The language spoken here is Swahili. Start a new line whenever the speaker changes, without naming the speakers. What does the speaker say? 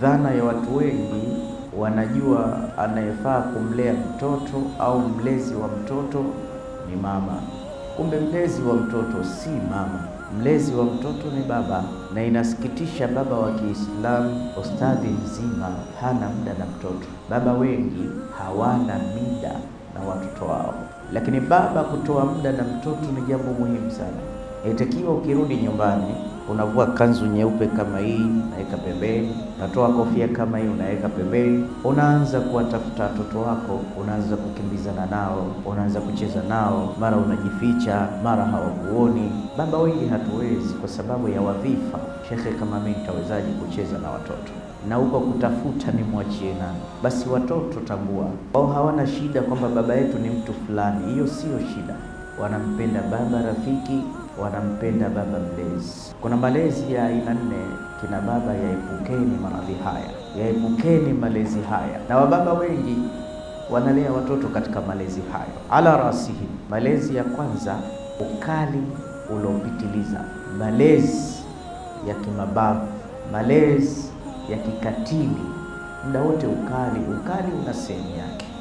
Dhana ya watu wengi wanajua anayefaa kumlea mtoto au mlezi wa mtoto ni mama. Kumbe mlezi wa mtoto si mama, mlezi wa mtoto ni baba. Na inasikitisha, baba wa Kiislamu ustadhi mzima hana muda na mtoto. Baba wengi hawana mida na watoto wao, lakini baba kutoa muda na mtoto ni jambo muhimu sana. Inatakiwa ukirudi nyumbani unavua kanzu nyeupe kama hii, unaweka pembeni, unatoa kofia kama hii, unaweka pembeni, unaanza kuwatafuta watoto wako, unaanza kukimbizana nao, unaanza kucheza nao, mara unajificha, mara hawakuoni. Baba wengi hatuwezi kwa sababu ya wadhifa. Shekhe, kama mimi nitawezaje kucheza na watoto na huko kutafuta ni mwachie nani? Basi watoto tambua, wao hawana shida kwamba baba yetu ni mtu fulani, hiyo sio shida. Wanampenda baba rafiki wanampenda baba mlezi. Kuna malezi ya aina nne kina baba, yaepukeni maradhi haya, yaepukeni malezi haya. Na wababa wengi wanalea watoto katika malezi hayo. Ala rasihi, malezi ya kwanza, ukali uliopitiliza, malezi ya kimabavu, malezi ya kikatili, muda wote ukali. Ukali una sehemu yake